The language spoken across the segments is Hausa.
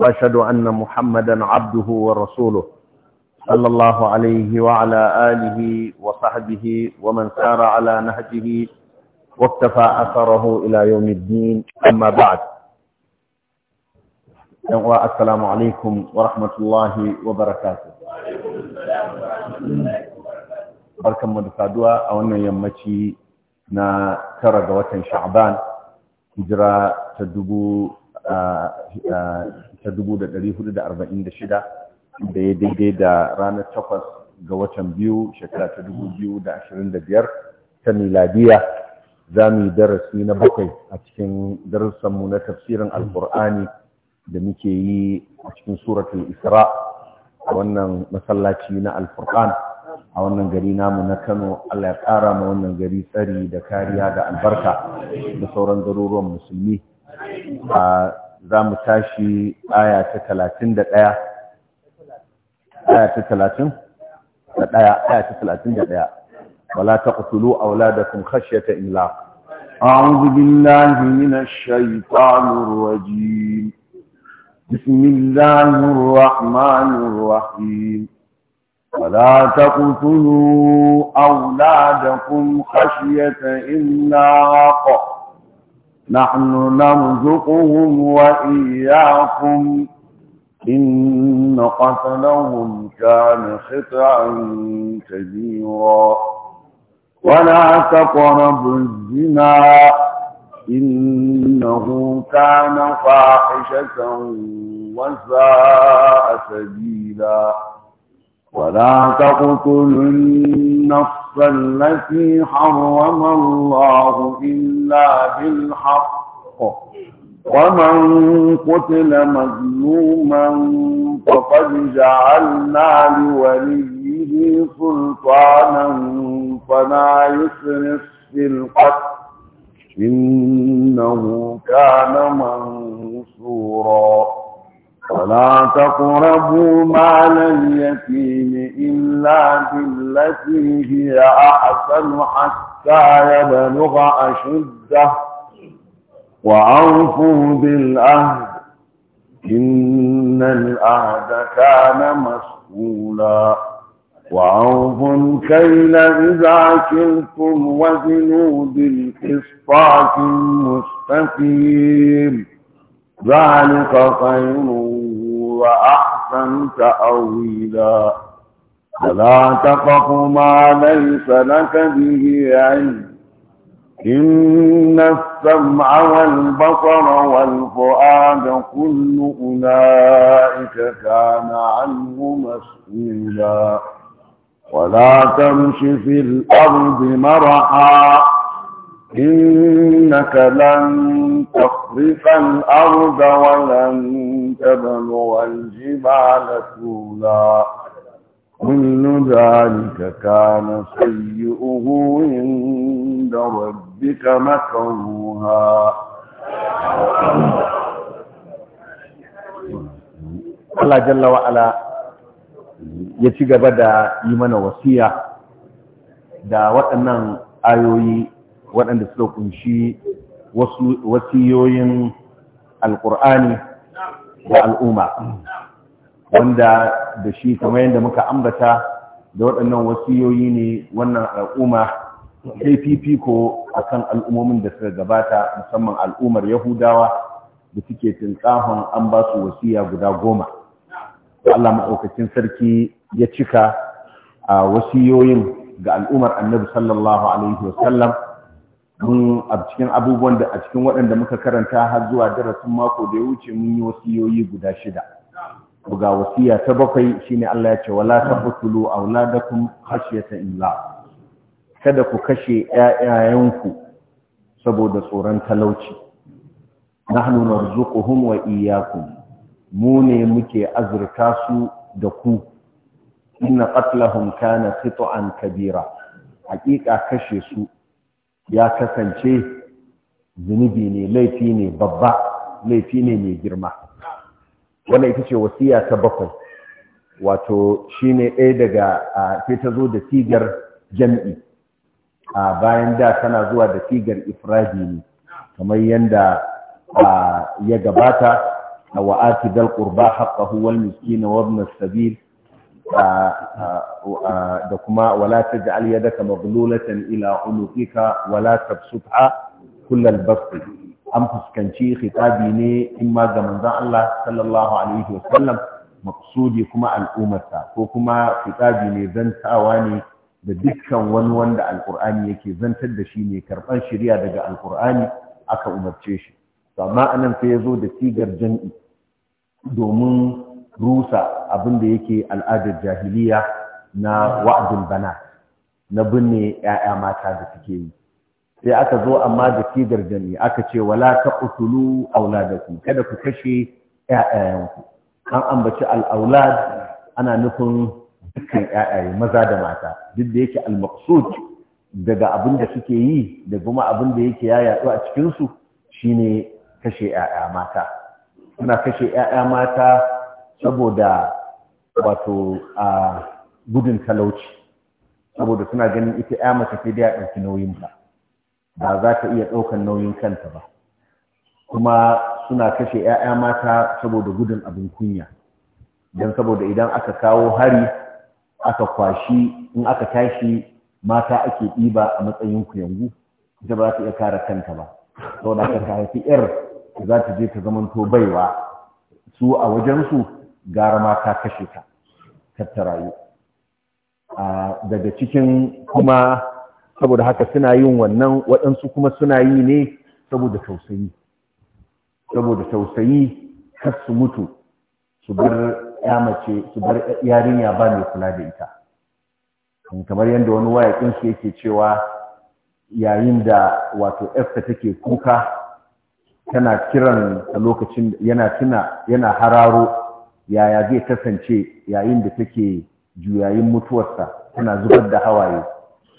وأشهد أن محمدا عبده ورسوله صلى الله عليه وعلى آله وصحبه ومن سار على نهجه واكتفى أثره إلى يوم الدين أما بعد السلام عليكم ورحمة الله وبركاته barkan mu da saduwa a wannan نا ترى tara ga watan ta 446 da ya daidai da ranar 8 ga watan biyu shekara ta 2025 ta miladiya za mu yi darasi na bakwai a cikin darussanmu na tafsirin alkur'ani da muke yi a cikin suratul isra a wannan masallaci na alkur'an a wannan gari namu na kano allah ya ƙara ma wannan gari tsari da kariya da albarka da sauran garuruwan musulmi a za mu tashi aya ta talatin da ɗaya aya ta talatin da ɗaya aya ta talatin da ɗaya wala ta ƙutulu a wula da kun kashe ta ila an zubin lahimin Wala ta bismillahir a wula da kun أولادكم خشية إلا رقم نحن نرزقهم وإياكم إن قتلهم كان خطعا كبيرا ولا تقربوا الزنا إنه كان فاحشة وساء سبيلا ولا تقتلوا النفس التي حرم الله إلا بالحق ومن قتل مظلوما فقد جعلنا لوليه سلطانا فلا يسرف في القتل إنه كان منصورا ولا تقربوا مال اليتيم إلا بالتي هي أحسن حتى يبلغ أشده وأوفوا بالعهد إن العهد كان مسؤولا وأوفوا الكيل إذا كلتم وزنوا بالقسطاس المستقيم ذلك خير وأحسن تأويلا ولا تقف ما ليس لك به علم إن السمع والبصر والفؤاد كل أولئك كان عنه مسؤولا ولا تمش في الأرض مرحا إنك لن تخرف الأرض ولن تبلغ الجبال طولا كل ذلك كان سيئه عند ربك مكروها Allah jalla wa ala ya ci gaba da yi mana wasiya da waɗannan ayoyi waɗanda suka kunshi wasu wasiyoyin alƙur'ani da al'umma wanda da shi kamar yadda muka ambata da waɗannan wasiyoyi ne wannan al'umma sai ko a kan al'ummomin da suka gabata musamman al'ummar yahudawa da suke tinkahon an ba su wasiya guda goma Allah maɗaukacin sarki ya cika a wasiyoyin ga al'ummar annabi sallallahu alaihi wasallam mun a cikin abubuwan da a cikin waɗanda muka karanta har zuwa darasin mako da ya wuce mun yi wasiyoyi guda shida Buga wasiya ta bakwai shine Allah ya ce wala tabtulu auladakum khashyata illa kada ku kashe ƴaƴayenku saboda tsoron talauci nahnu narzuquhum wa iyyakum mu ne muke azurta su da ku inna qatlahum kana khita'an kabira haƙiƙa kashe su ya kasance zunubi ne laifi ne babba laifi ne mai girma wannan ita ce wasiya ta bakwai wato shi ne ɗaya daga sai ta zo da sigar jam'i a bayan da tana zuwa da sigar ifradi ne kamar yadda ya gabata a wa'ati dal ƙurba haqqahu wal miskina wa sabil da kuma wala taj'al ka maghlulatan ila unuqika wala tabsutha kullal basti an fuskanci khitabi ne in ma ga manzon Allah sallallahu alaihi wasallam maqsudi kuma al'ummarsa ko kuma khitabi ne zantawa ne da dukkan wani wanda alqur'ani yake zantar da shi ne karɓar shirya daga alkur'ani aka umarce shi to amma anan sai ya zo da sigar jan'i domin rusa abin da yake al'adar jahiliya na wa'adin bana na binne 'ya'ya mata da suke yi sai aka zo amma da sigar jami aka ce wala taqtulu auladaku kada ku kashe 'ya'yayanku an ambaci al'aulad ana nufin dukkan 'ya'yaye maza da mata duk da yake al daga abin da suke yi da kuma abin da yake ya yaɗu a cikinsu shine kashe 'ya'ya mata suna kashe 'ya'ya mata saboda wato a gudun talauci saboda suna ganin ita ya mace sai dai a ɗauki nauyin ba ba za ta iya ɗaukan nauyin kanta ba kuma suna kashe 'ya'ya mata saboda gudun abin kunya don saboda idan aka kawo hari aka kwashi in aka tashi mata ake ɗiba a matsayin kuyangu ita ba za ta iya kare kanta ba saboda aka haifi 'yar za ta je ta zamanto baiwa su a wajensu gara ma ta kashe ka ta rayu daga cikin kuma saboda haka suna yin wannan waɗansu kuma suna yi ne saboda tausayi saboda tausayi kar su mutu su bar ya su bar yarinya ba mai kula da ita kamar yadda wani wayakin su yake cewa yayin da wato efta take kuka tana kiran lokacin yana tuna yana hararo yaya zai kasance yayin da take juyayin mutuwarsa tana zubar da hawaye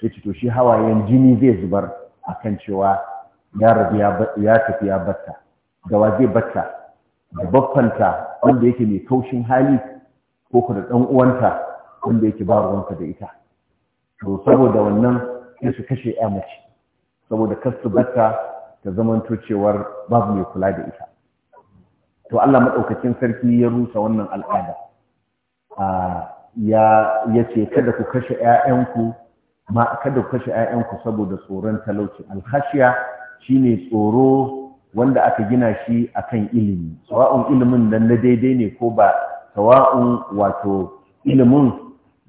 sai ce to shi hawayen jini zai zubar a kan cewa ya rabu ya tafi ya batta da wa zai batta da baffanta wanda yake mai kaushin hali ko ku da ɗan uwanta wanda yake ba ruwanka da ita to saboda wannan sai su kashe ya mace saboda kar batta ta zamanto cewar babu mai kula da ita to Allah maɗaukacin sarki ya rusa wannan al'ada ya ce kada ku kashe 'ya'yanku ma kada ku kashe 'ya'yanku saboda tsoron talauci alhashiya shine tsoro wanda aka gina shi akan ilimi sawa'un ilimin dan na daidai ne ko ba sawa'un wato ilimin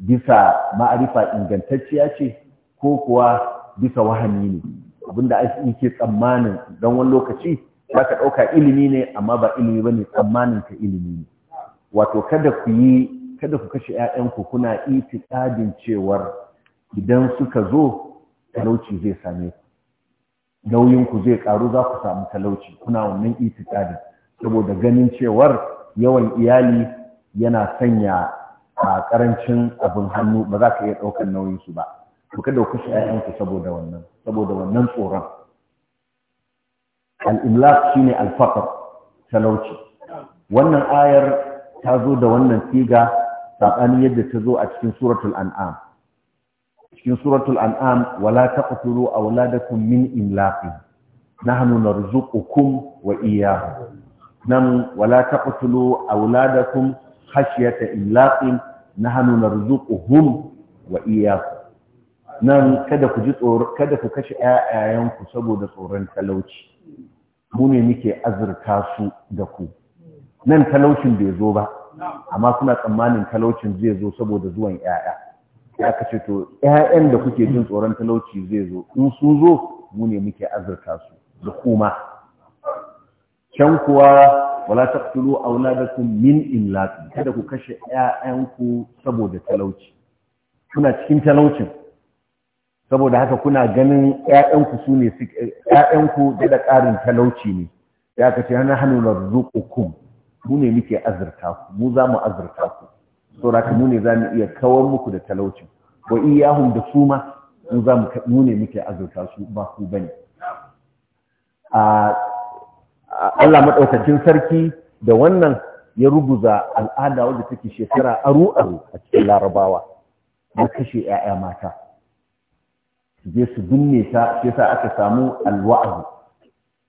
bisa ma'arifa ingantacciya ce ko kuwa bisa wahani ne abinda ake tsammanin don wani lokaci za ka ɗauka ilimi ne amma ba ilimi ba ne tsammanin ka ilimi ne wato kada ku yi kada ku kashe 'ya'yanku kuna itiƙadin cewar idan suka zo talauci zai same ku nauyinku zai ƙaru za ku samu talauci kuna wannan itiƙadin saboda ganin cewar yawan iyali yana sanya a ƙarancin abin hannu ba za ka iya ɗaukar nauyinsu ba to kada ku kashe 'ya'yanku saboda wannan saboda wannan tsoron al shi ne al talauci wannan ayar ta zo da wannan siga saɓanin yadda ta zo a cikin suratul an'am cikin suratul an'am wala ta a wula da awladakum min imlaqin na narzuqukum wa iyyahum nan wala ta taqtulu awladakum khashyata imlaqin nahnu narzuquhum wa iyyakum nan kada ku ji tsoro kada ku kashe ƴaƴayenku saboda tsoron talauci mu ne muke azurta su da ku nan talaucin bai zo ba amma kuna tsammanin talaucin zai zo saboda zuwan 'ya'ya ya kace to 'ya'yan da kuke jin tsoron talauci zai zo in su zo mu ne muke azurta su da ku ma. can kuwa wala taqtulu auladakum min imlaq kada ku kashe 'ya'yanku saboda talauci kuna cikin talaucin saboda haka kuna ganin ƴaƴanku su ne ƴaƴanku da ƙarin talauci ne ya ka ce hana hannu na zuƙukum mu ne muke azurta ku mu za mu azurta ku saboda haka mu ne za mu iya kawar muku da talauci wa iyahun da su ma mu za mu ne muke azurta su ba ku bane a Allah maɗaukacin sarki da wannan ya rubuta al'ada wadda take shekara aru aru a cikin larabawa na kashe 'ya'ya mata je su binne ta sai sa aka samu alwa'azu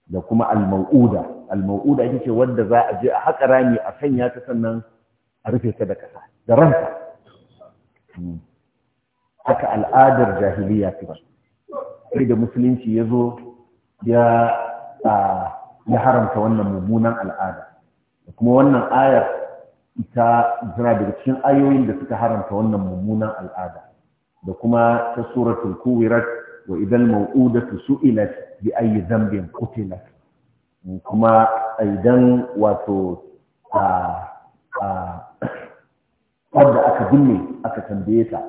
da kuma almau'uda almau'uda ita ce wanda za a je a haƙa rami a sanya ta sannan a rufe ta da ƙasa da ranta hmm. haka al'adar jahiliya ta sai da musulunci ya zo ya haramta wannan mummunan al'ada da kuma wannan ayar ita jira daga cikin ayoyin da suka haramta wannan mummunan al'ada da kuma ta suratul kuwirat wa idan mau'udatu su'ilat bi ayi dhanbin qutilat kuma idan wato a wanda aka binne aka tambaye ta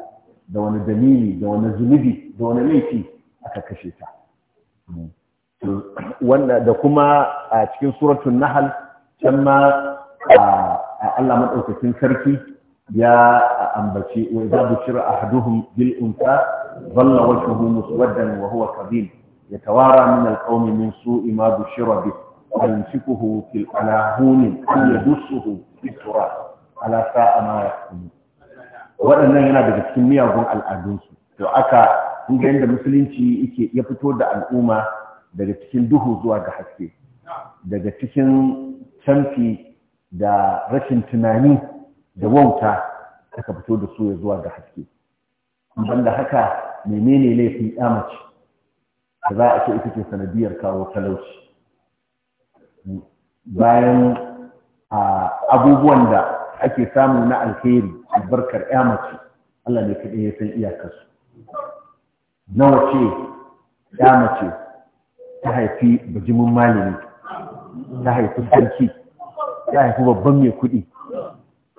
da wani dalili da wani zunubi da wani laifi aka kashe ta wanda da kuma a cikin suratul Nahal, can ma Allah maɗaukakin sarki ya ambaci wa idza bushira ahaduhum bil unsa dhalla wajhuhu muswaddan wa huwa kadhib yatawara min al qawmi min su'i ma bushira bih ayumsikuhu fil alahunin an yadussuhu fi turab ala sa'a ma waɗannan yana daga cikin miyagun al'adunsu to aka inda yadda musulunci yake ya fito da al'umma daga cikin duhu zuwa ga haske daga cikin canfi da rashin tunani da wauta aka fito da su ya zuwa ga haske da haka menene laifin yamace da za a ce ita ce sanadiyar kawo talauci bayan abubuwan da ake samu na alheri albarkar yamace Allah ne kaɗai ya san iyakarsu nawa ce yamace ta haifi bajimin malami ta haifi sarki ta haifi babban mai kuɗi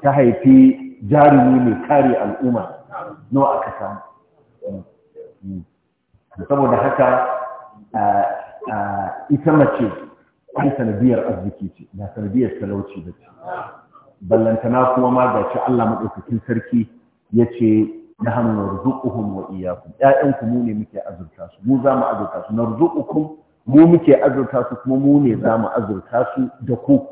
ta haifi jarumi mai kare al'umma nawa aka samu hmm. saboda haka ita mace ai sanadiyar arziki ce na sanadiyar talauci da ce ballantana kuma ma ga ce Allah maɗaukakin sarki ya ce na hannun narzuƙuhun wa iyakun ‘ya'yanku mu ne muke azurta su mu za mu azurta su narzuƙuhun mu muke azurta su kuma mu ne za mu azurta su da ku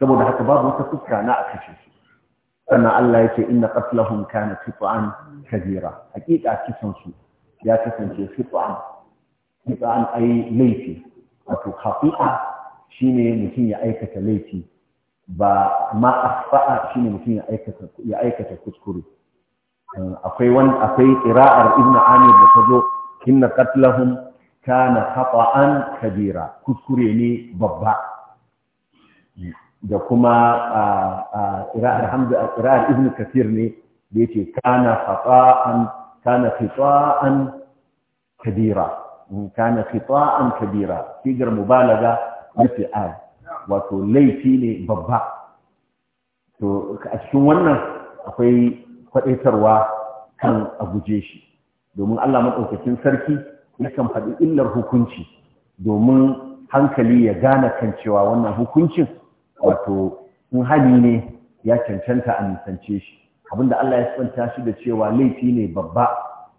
saboda haka babu wata fuska na a kashe su sannan Allah ya ce inna qatlahum kana qit'an kabira hakika kisan su ya kasance qit'an qit'an ai laifi wato haqiqa shine mutum ya aikata laifi ba ma asfa'a shine mutum ya aikata ya aikata kuskure akwai wani akwai qira'ar ibnu amir da tazo inna qatlahum kana qat'an kabira kuskure ne babba da kuma ƙira'ar hamza a ƙira'ar ibn kafir ne da yake kana fata'an kana fita'an kabira mm, kana fita'an kabira sigar mubalaga na fi'al wato laifi ne babba to a cikin wannan akwai kwadaitarwa kan a guje shi domin Allah madaukakin sarki yakan faɗi illar hukunci domin hankali ya gane kan cewa wannan hukuncin wato in hali ne ya cancanta a nisance shi abinda Allah ya tsanta shi da cewa laifi ne babba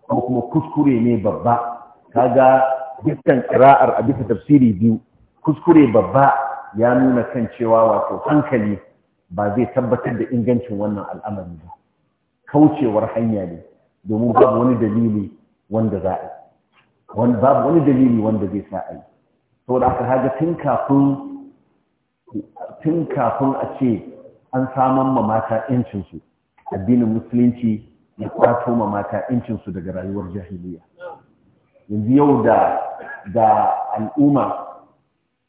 ko kuma kuskure ne babba kaga dukkan ra'ar a bisa tafsiri biyu kuskure babba ya nuna kan cewa wato hankali ba zai tabbatar da ingancin wannan al'amari ba kaucewar hanya ne domin babu wani dalili wanda za a yi babu wani dalili wanda zai sa a yi saboda aka haga tun kafin tun kafin a ce an saman ma mata ‘yancinsu addinin musulunci ya kwato ma mata ‘yancinsu daga rayuwar jahiliya yanzu yau da al'umma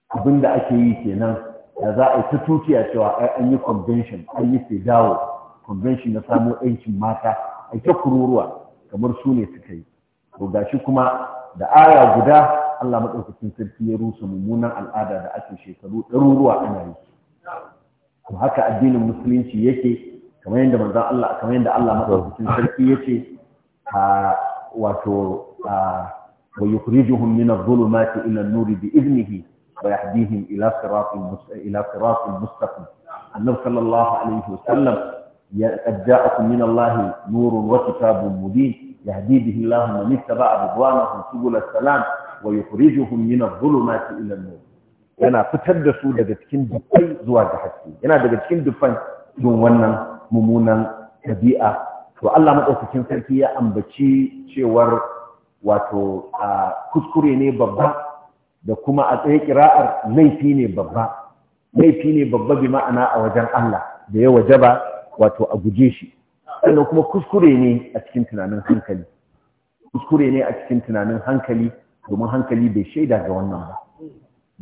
abin da ake yi kenan da za a yi ta tutiya cewa an yi convention an yi dawo convention na samo ‘yancin mata a ta kururuwa kamar su ne suka yi to gashi kuma da aya guda Allah maɗaukakin sarki ya rusa mummunan al'ada da ake shekaru ɗaruruwa ana yi to haka addinin musulunci yake kamar yadda manzon Allah kamar yadda Allah maɗaukakin sarki yace a wato a wa yukhrijuhum min adh-dhulumati ila an-nuri bi idnihi wa yahdihim ila siratin ila siratin mustaqim annabi sallallahu alaihi wasallam ya ja'akum min Allah nurun wa kitabun mubin yahdi bihi Allah man ittaba'a ridwanahu subul salam wa yukhrijuhum min adh yana fitar da su daga cikin dukkan zuwa ga haske yana daga cikin dukkan yin wannan mummunan tabi'a to Allah madaukakin sarki ya ambaci cewar wato kuskure ne babba da kuma a tsaye kira'ar laifi ne babba laifi ne babba bi ma'ana a wajen Allah da ya ba wato a guje shi sannan kuma kuskure ne a cikin tunanin hankali kuskure ne a cikin tunanin hankali domin hankali bai shaida ga wannan ba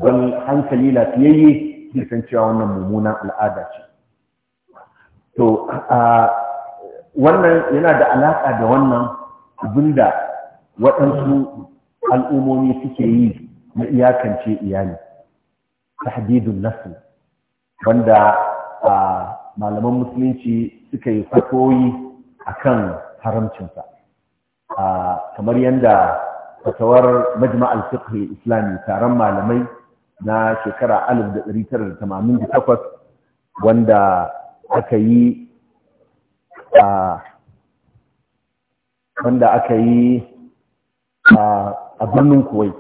don hankali lafiyayye zai san cewa wannan mummunan al'ada ce to wannan yana da alaƙa da wannan abinda waɗansu al'ummomi suke yi na iyakance iyali tahdidun nasu wanda malaman musulunci suka yi fatoyi akan haramcinsa kamar yadda fatawar majma al-fiqh islami taron malamai na shekara 1988 wanda aka yi a wanda aka yi a birnin kuwait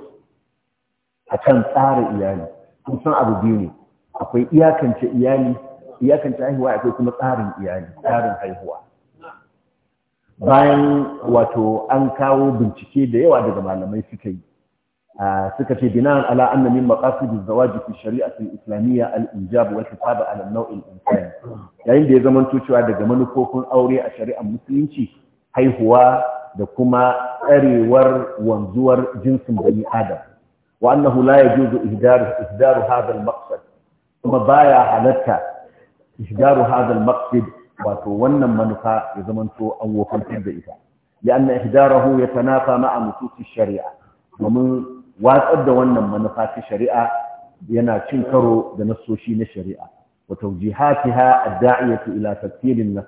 a kan tsara iyali kusan abu biyu ne akwai iyakance iyali iyakance haihuwa akwai kuma tsarin iyali tsarin haihuwa bayan wato an kawo bincike da yawa daga malamai suka yi suka ce bina ala anna min maqasid az fi shari'at al-islamiyya al-ijab wa al ala an al-insani yayin da ya zama cewa daga manufofin aure a shari'ar musulunci haihuwa da kuma tsarewar wanzuwar jinsin bani adam wa annahu la yajuzu ihdaru ihdaru hadha al-maqsad kuma baya halatta ihdaru hadha al-maqsad wato wannan manufa ya zamanto an wofantar da ita لأن إهداره يتنافى مع نصوص shari'a. ومن watsar da wannan manufa ta shari'a yana cin karo da nassoshi na shari'a wa tawjihatiha ad-da'iyatu ila tafsirin nas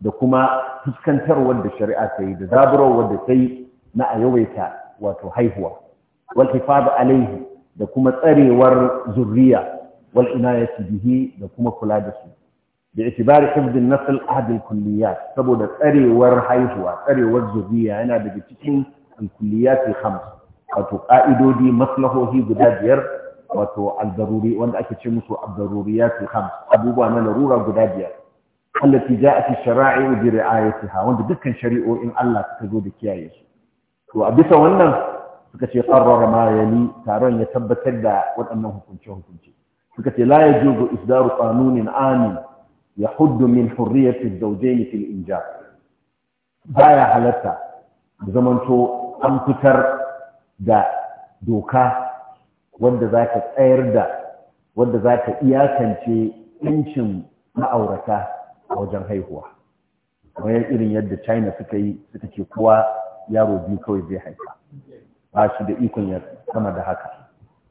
da kuma fuskantarwar da shari'a ta yi da zaburowar da ta yi na a yawaita wato haihuwa wal hifaz alaihi da kuma tsarewar zurriya wal inayati bihi da kuma kula da su da itibari hifdin nasal ahadin kulliyat saboda tsarewar haihuwa tsarewar zuriya yana daga cikin al-kulliyat khams wato ka'idodi maslahohi guda biyar wato al-daruri wanda ake ce musu al-daruriyat khams abubuwa na larura guda biyar allati ja'at ash-shara'i bi ri'ayatiha wanda dukkan shari'o'in Allah suka zo da kiyaye su to a bisa wannan suka ce qarrara ma yali taron ya tabbatar da waɗannan hukunce hukunce suka ce la yajuzu isdaru qanunin amin يحد من حرية الزوجين في الإنجاب بايا حالتا زمانتو أم تتر دا دوكا wadda za ka tsayar da wadda za ka iyakance incin ma'aurata a wajen haihuwa kamar irin yadda china suka yi suka ce kowa yaro biyu kawai zai haifa ba shi da ikon ya sama da haka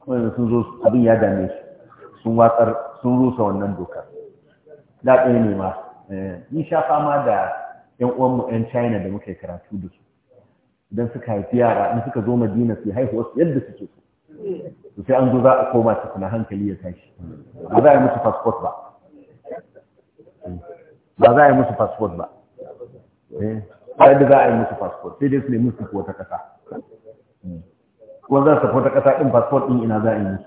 wanda sun zo abin ya dame su sun watsar sun rusa wannan dokar da ɗaya ne ma eh, ni sha fama da yan uwanmu yan China da muka yi karatu da su idan suka haifi yara in suka zo Madina su haihuwa wasu yadda suke Su sai an zo za a koma su kuna hankali ya tashi ba za a yi musu passport ba eh, ba za a yi musu passport ba eh, ba yadda za a yi musu passport sai dai su nemi su wata ƙasa kuma za su wata ƙasa ɗin passport ɗin ina za a yi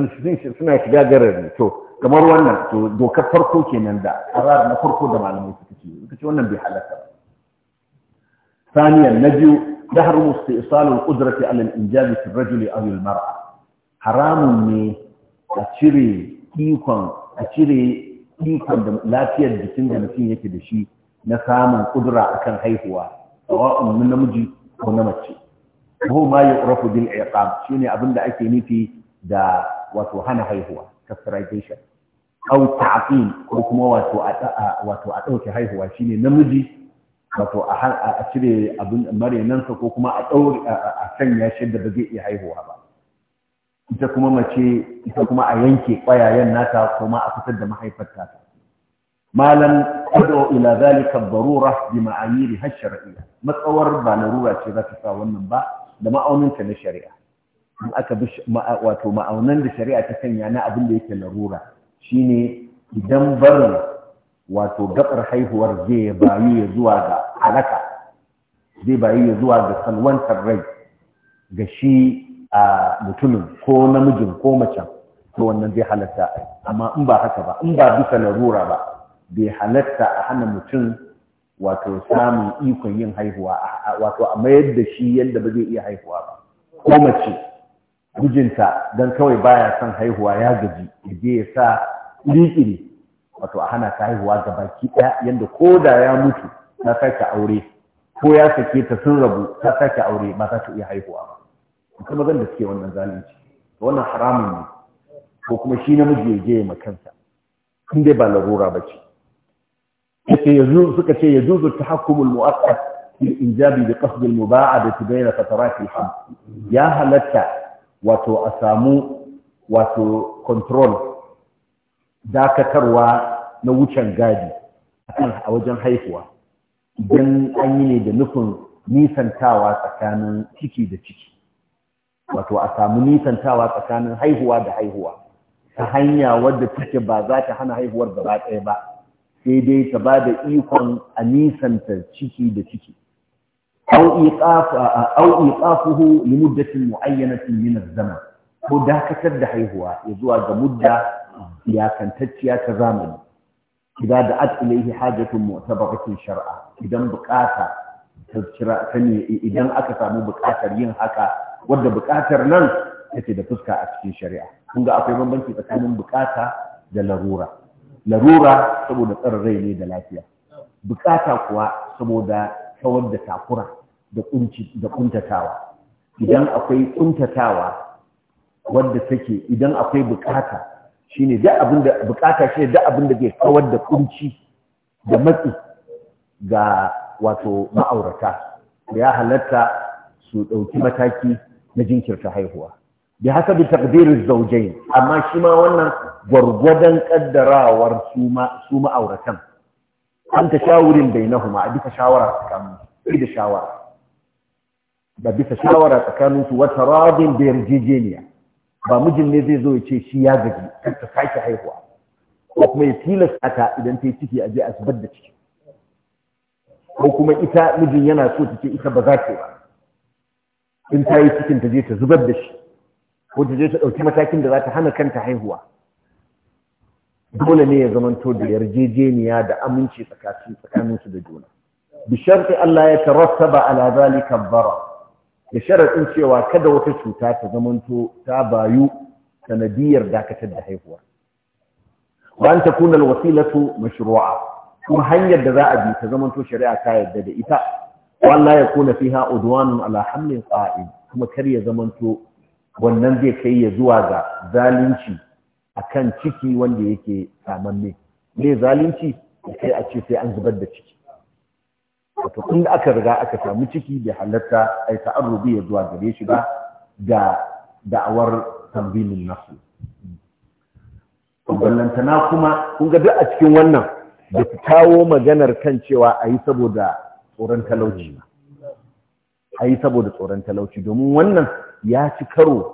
musu suna shiga garari to kamar wannan to dokar farko kenan da arar na farko da malamai suka ce ce wannan bai halatta ba saniyan na biyu da har musu isalu al-qudrati haramun ne a cire ikon da lafiyar jikin da mutum yake da shi na samun kudura akan haihuwa sawa'un min namiji ko na mace ko ma yu'rafu bil abin da abinda ake nufi da wato hana haihuwa castration au ta'qil ko kuma wato a wato a dauke haihuwa shine namiji wato a a cire abin marenansa ko kuma a daure a sanya shi da ba zai iya haihuwa ba ita kuma mace ita kuma a yanke kwayayen nata kuma a fitar da mahaifar ta malam tad'u ila zalika ad-darura bi ma'ayiriha ash matsawar ba larura ce za ta sa wannan ba da ma'auninta na shari'a in aka bi wato ma'aunan da shari'a ta sanya na abin da yake larura shine idan barin wato gabar haihuwar zai bayu ya zuwa ga halaka zai bayu ya zuwa ga salwantar rai ga shi a mutumin ko namijin ko macen to wannan zai halatta amma in ba haka ba in ba bisa larura ba bai halatta a hana mutum wato samun ikon yin haihuwa wato a mayar shi yadda ba zai iya haihuwa ba ko mace mijinta don kawai baya son haihuwa ya gaji je ya sa ƙiriƙiri wato a hana ta haihuwa ga baki ɗaya yadda ko da ya mutu ta sake aure ko ya sake ta sun rabu ta sake aure ba za ta iya haihuwa ba kuma zan da suke wannan zalunci wannan haramun ne ko kuma shi namiji ya je ma kansa in dai ba larura ba ce suka ce ya zuzu ta hakumul mu'akkad fil injabi bi qasd al mubaadati bayna fatarat al hamd ya halatta wato a samu wato control dakatarwa na wucin gadi a wajen haihuwa idan an yi ne da nufin nisantawa tsakanin ciki da ciki wato a samu nisantawa tsakanin haihuwa da haihuwa ta hanya wadda take ba za ta hana haihuwar gaba ɗaya ba sai dai ta ba da ikon a nisanta ciki da ciki au iqafuhu li muddatin muayyanatin min az-zaman ko dakatar da haihuwa ya zuwa ga mudda iyakantacciya ta zamani idan da at ilaihi hajatun mu'tabaratun shar'a idan bukata ta ne idan aka samu bukatar yin haka wadda bukatar nan take da fuska a cikin shari'a kun ga akwai bambanci tsakanin bukata da larura larura saboda tsarin rai ne da lafiya bukata kuwa saboda kawar da takura da kuntatawa idan akwai kuntatawa wadda take idan akwai bukata shine da abin da bukata shine duk abin da ke kawar da kunci da matsi ga wato ma'aurata ya halatta su ɗauki mataki na jinkirta haihuwa bi hasabi taqdiriz zawjayn amma shi ma wannan gwargwadon kaddarawar su ma'auratan an ta shawurin bai na ma a bisa shawara tsakanin su da shawara da bisa shawara tsakanin su wata rabin da yarjejeniya ba mijin ne zai zo ya ce shi ya gaji kan ta sake haihuwa ko kuma ya tilasta ta idan ta yi ciki a je a zubar da ciki ko kuma ita mijin yana so ta ce ita ba za ta ba in ta yi cikin ta je ta zubar da shi ko ta je ta ɗauki matakin da za ta hana kanta haihuwa dole ne ya zamanto da yarjejeniya da aminci tsakanin su da juna bi sharti Allah ya tarattaba ala kan bara da sharaɗin cewa kada wata cuta ta zamanto ta bayu sanadiyar dakatar da haihuwa wa an wasilatu alwasilatu mashru'a kuma hanyar da za a bi ta zamanto shari'a ta yarda da ita wallahi ya kuna fiha udwanun ala hamlin qa'id kuma kar ya zamanto wannan zai kai ya zuwa ga zalunci a kan ciki wanda yake samamme me zalunci sai a ce sai an zubar da ciki wato kun aka riga aka samu ciki bai halatta ai ta'arrubi ya zuwa gare shi ba da da'awar tambinin nasu ballantana kuma kun ga duk a cikin wannan da ta kawo maganar kan cewa a yi saboda tsoron talauci ba. a yi saboda tsoron talauci domin wannan ya ci karo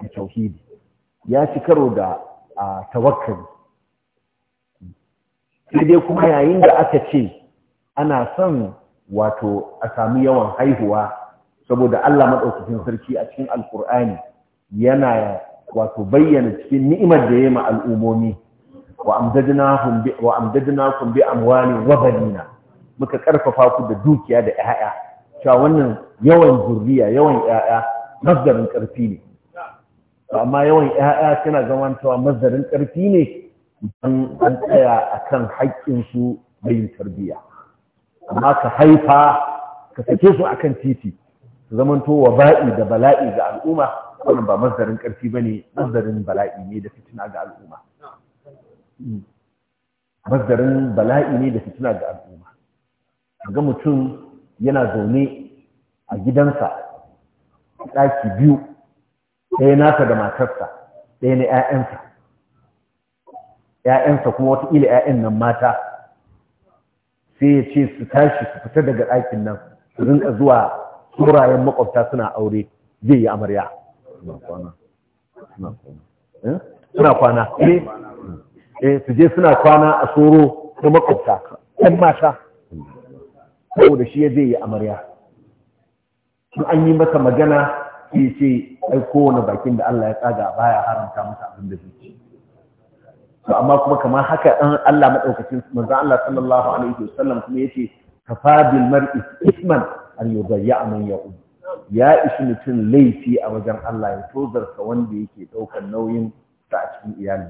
da tauhidi ya ci karo da a tawakkali sai dai kuma yayin da aka ce ana son wato a sami yawan haihuwa saboda Allah maɗaukacin sarki a cikin alkur'ani yana wato bayyana cikin ni'imar da ya ma al'umomi wa amdadnakum bi amwalin wa banina muka karfafa ku da dukiya da 'ya'ya cewa wannan yawan zurriya yawan 'ya'ya masdarin karfi ne amma yawan ‘ya'ya tana cewa mazarin ƙarfi ne don an tsaya a kan haƙƙinsu da yin tarbiyya amma ka haifa ka sake su a kan titi su zamantowa ba'i da bala'i ga al'umma wannan ba mazarin ƙarfi ba ne mazarin bala'i ne da fitina ga al'umma mazarin bala'i ne da fitina ga al'umma ga mutum yana zaune a gidansa ɗaki biyu ɗaya nasa da matarsa ɗaya na ‘ya'yansa ‘ya'yansa kuma wataƙila ‘ya'yan nan mata sai ya ce su tashi su fita daga ɗakin nan su rinka zuwa surayen makwabta suna aure zai yi amarya suna kwana eh? Eh? eh su je suna kwana a tsoro na makwabta ɗan mata saboda shi ya zai yi amarya in an yi masa magana sai ce ai kowane bakin da Allah ya tsaga baya haramta masa abin da zuci to amma kuma kamar haka ɗan Allah madaukakin manzon Allah sallallahu alaihi wasallam kuma yace ka bil mar'i isman an a man ya'ud ya ishi mutum laifi a wajen Allah ya tozarta wanda yake ɗaukar nauyin sa a cikin iyali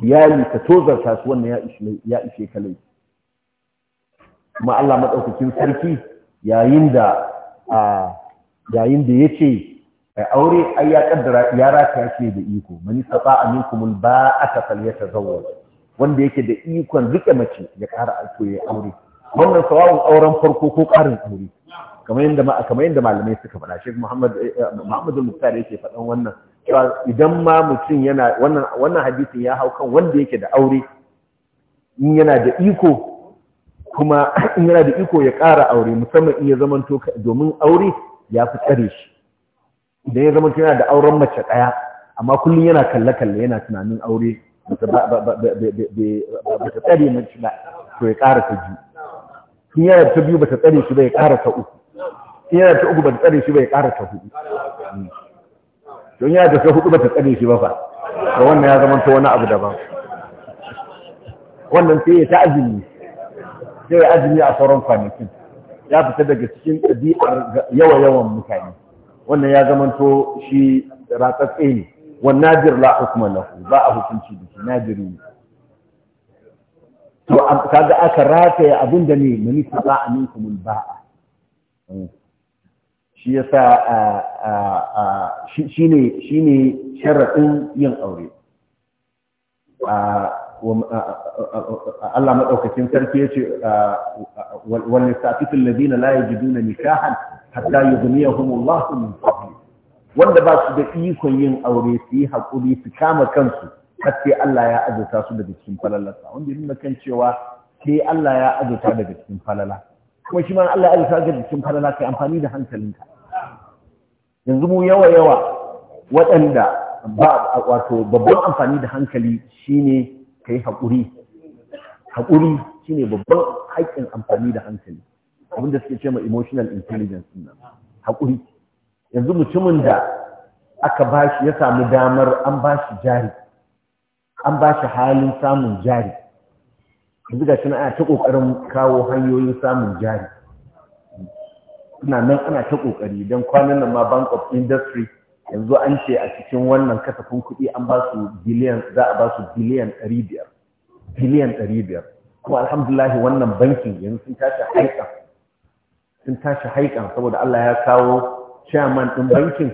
iyali ka tozarta su wannan ya ishe ka laifi kuma Allah maɗaukacin sarki yayin da a yayin da ya ce aure ai ya kaddara ya rata ce da iko mani safa aminkumul ba'ata falyatazawwaj wanda yake da ikon rike mace ya ƙara alko ya aure wannan sawawun auren farko ko karin aure kamar yadda kamar yadda malamai suka faɗa shi Muhammad eh, eh, Muhammad Muftar yake faɗan wannan cewa idan ma mutum yana wannan wannan hadisin ya hau kan wanda yake da aure in yana da iko kuma in yana da iko ya kara aure musamman in ya zamanto domin aure ya fi tsare shi idan ya zama yana da auren mace ɗaya amma kullum yana kalle-kalle yana tunanin aure ba ta tsare mace ba to ya ƙara ta biyu in yana ta biyu ba ta tsare shi ba ya ƙara ta uku in yana ta uku ba ta tsare shi ba ya ƙara ta hudu in yana da ta hudu ba ta tsare shi ba ba ga wannan ya zama ta wani abu daban wannan sai ya ta azumi sai ya azumi a sauran kwanakin ya fita daga cikin ɗabi'ar yawa-yawan mutane wannan ya zamanto shi ratsatse ne wani najir la hukuma lahu ba a hukunci da shi ne to kaga aka rataya abin da ne mani ba hmm. a ba a. shi yasa shi ne sharaɗin yin aure Allah madaukakin sarki yace wal yastafitu alladhina la yajiduna nikahan hatta yughniyahum Allah min fadli wanda ba su da ikon yin aure su yi hakuri su kama kansu har sai Allah ya azurta su daga cikin falalarsa wanda yi nuna kan cewa sai Allah ya azurta daga cikin falala kuma shi ma Allah ya azurta daga cikin falala kai amfani da hankalinka yanzu mu yawa yawa waɗanda ba wato babban amfani da hankali shine ka yi haƙuri haƙuri shi babban haƙƙin amfani da hankali abinda suke ce ma emotional intelligence nan haƙuri yanzu mutumin da aka bashi ya samu damar an ba jari an ba shi halin samun jari yanzu ga shi na ta ƙoƙarin kawo hanyoyin samun jari ina nan ana ta ƙoƙari don kwanan nan ma bank of industry yanzu an ce a cikin wannan kasafin kuɗi an ba su biliyan za a ba su biliyan ɗari biyar biliyan ɗari biyar kuma alhamdulahi wannan bankin yanzu sun tashi haikan sun tashi haikan saboda Allah ya kawo chairman ɗin bankin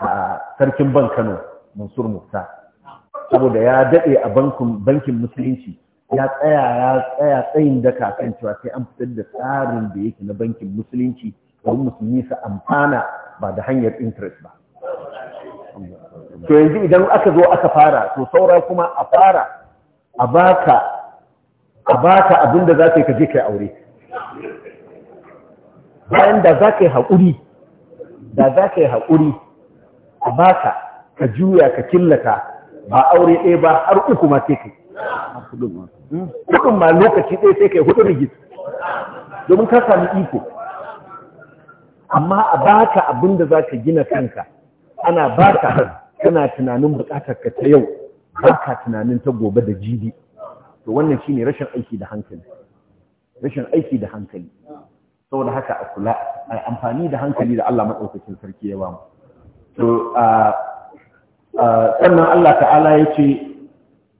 a sarkin ban Kano Mansur Musa saboda ya daɗe a bankin bankin musulunci ya tsaya ya tsaya tsayin daka kan cewa sai an fitar da tsarin da yake na bankin musulunci domin musulmi su amfana ba da hanyar interest ba to yanzu idan aka zo aka fara to saura kuma a fara a baka a baka abin da za ka yi ka je kai aure bayan da za ka yi haƙuri da za ka yi haƙuri a baka ka juya ka killata ba aure ɗaya ba har uku ma sai kai hudun ma lokaci ɗaya sai kai hudun rigit domin ka sami iko amma a baka abin da za ka gina kanka ana baka kana tunanin bukatar ka ta yau ba ka tunanin ta gobe da jibi to wannan shine rashin aiki da hankali rashin aiki da hankali saboda haka a kula a amfani da hankali da Allah madaukakin sarki ya ba mu to sannan Allah ta'ala ya ce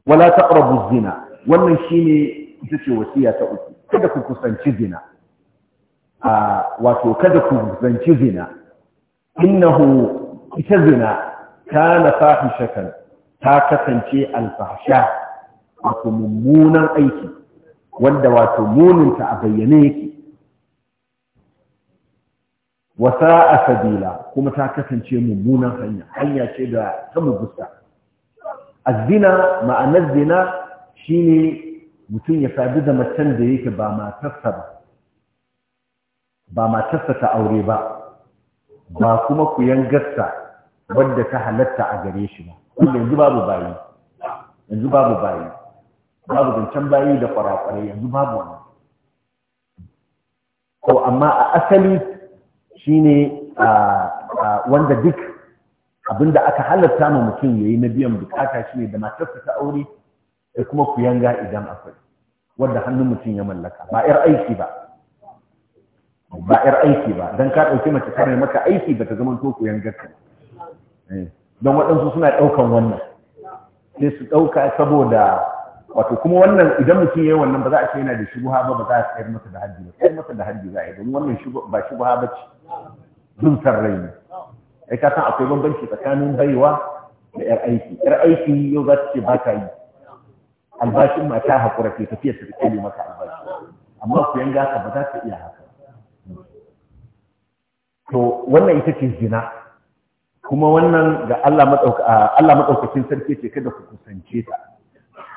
wala taqrabu zina wannan shine ita ce wasiya ta uku kada ku kusanci zina wato kada ku kusanci zina innahu ita zina kana fahishatan ta kasance alfahsha wato mummunan aiki wanda wato muninta a bayyane yake wasa a sabila kuma ta kasance mummunan hanya hanya ce da ta mugusta azina ma'anar zina shine mutum ya sadu da macen da yake ba matarsa ba ba matarsa ta aure ba ba kuma ku gasta. wadda ta halatta a gare shi ba wanda yanzu babu bayi yanzu babu bayi babu zancen bayi da kwarakwarai yanzu babu wani ko amma a asali shi ne wanda duk abinda aka halatta ma mutum ya yi na biyan bukata shi ne da matarsa ta aure da kuma kuyanga idan akwai wanda hannun mutum ya mallaka ba yar aiki ba ba yar aiki ba don ka dauki mace mai maka aiki ba ta zama to kuyangar ka don waɗansu suna ɗaukan wannan sai su ɗauka saboda wato kuma wannan idan mutum ya yi wannan ba za a ce yana da shubuha ba ba za a tsayar masa da hajji ba tsayar masa da hajji za a yi don wannan ba shubuha ba ce zun san rai ne ai ka san akwai bambanci tsakanin baiwa da yar aiki yar aiki yau za ta ce ba ta yi albashin ma ta haƙura ke tafiyar ta take maka albashi amma ku yanga ka ba za ta iya haka to wannan ita ce zina kuma wannan ga Allah maɗaukacin sarki ce kada ku kusance ta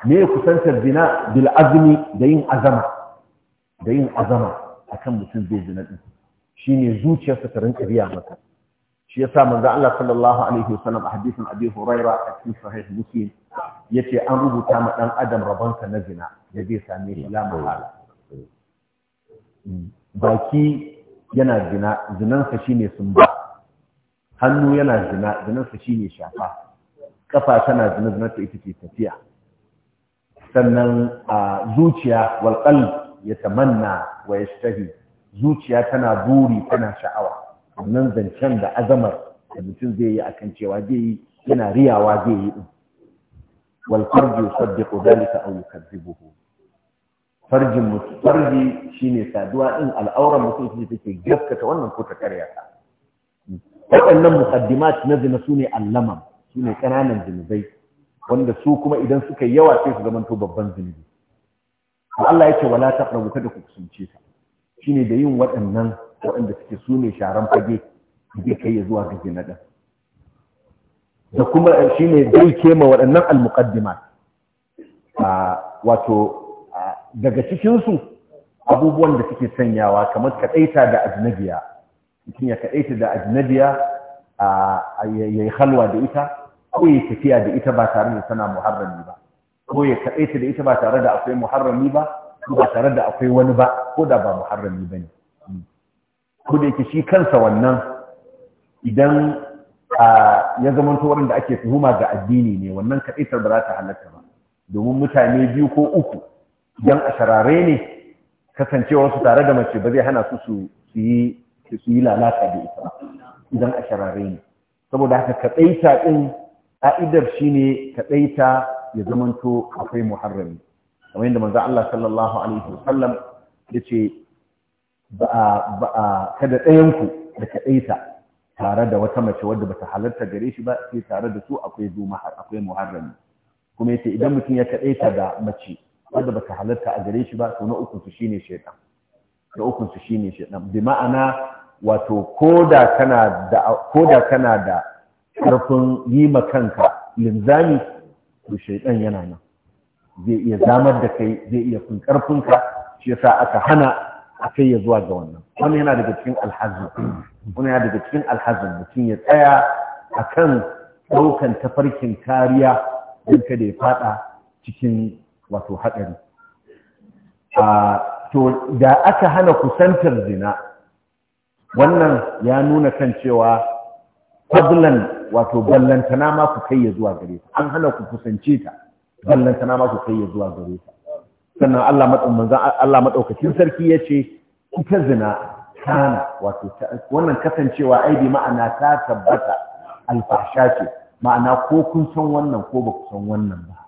me ya kusantar zina bil azmi da yin azama da yin azama akan mutum zai zina din shine zuciyarsa ta rinka biya maka shi yasa manzo Allah sallallahu alaihi wasallam a hadisin Abi Huraira a cikin sahih Muslim yace an rubuta ma dan adam rabonsa na zina da zai same shi la mahala baki yana zina zinansa shine sumba hannu yana zina zinarsa shi ne shafa Ƙafa tana zina zinarsa ita ce tafiya sannan a zuciya walƙal ya tamanna wa ya zuciya tana buri tana sha'awa wannan zancen da azamar da mutum zai yi akan cewa zai yi yana riyawa zai yi din wal farji yusaddiqu aw yukazzibuhu farjin mutum shine saduwa din al'aurar mutum shi take gaskata wannan ko ta karya ta waɗannan muqaddimat na zina su ne allamam su ne ƙananan zunubai wanda su kuma idan suka yi yawa sai su zamanto babban zunubi Allah ya ce wala taqrabu kada ku kusance ta shine da yin waɗannan waɗanda suke su ne sharan fage zai kai zuwa ga zina ɗan. da kuma shine zai kema waɗannan almuqaddimat wato daga cikinsu abubuwan da suke sanyawa kamar kaɗaita da azinabiya mutum ya kaɗaita da ajinadiya ya yi halwa da ita ko ya tafiya da ita ba tare da sana muharrami ba ko ya kaɗaita da ita ba tare da akwai muharrami ba ko ba tare da akwai wani ba ko da ba muharrami ba ne ko da yake shi kansa wannan idan ya zamanto wurin da ake tuhuma ga addini ne wannan kaɗaitar ba za ta halatta ba domin mutane biyu ko uku idan a sharare ne kasancewa su tare da mace ba zai hana su su yi ce su yi lalata da ita idan a sharare ne saboda haka kaɗaita ɗin ka'idar shine kaɗaita ya zamanto akwai muharrami kamar yadda manzo Allah sallallahu alaihi wasallam yace ba ba kada ɗayan ku da kaɗaita tare da wata mace wadda bata halarta gare shi ba sai tare da su akwai zuma akwai muharrami kuma yace idan mutum ya kaɗaita da mace wadda bata halarta a gare shi ba to na uku su shine shaytan su shine shaytan bi ma'ana wato koda kana da kana da karfin yi ma kanka linzami to shaytan yana nan zai iya zamar da kai zai iya kun ƙarfinka, shi shi yasa aka hana akai ya zuwa ga wannan Wani yana daga cikin alhazin Wani yana daga cikin alhazin mutum ya tsaya a kan ɗaukan tafarkin kariya don kada ya fada cikin wato haɗari. Ah, to, da aka hana kusantar zina, wannan ya nuna kan cewa fadlan wato ballantana ma ku kai ya zuwa gare ta an hana ku kusance ta ballantana ma ku kai ya zuwa gare ta sannan Allah madaukakin Allah madaukakin sarki yace ita zina kana wato wannan kasancewa ai ma'ana ta tabbata alfahsha ce ma'ana ko kun san wannan ko ba ku san wannan ba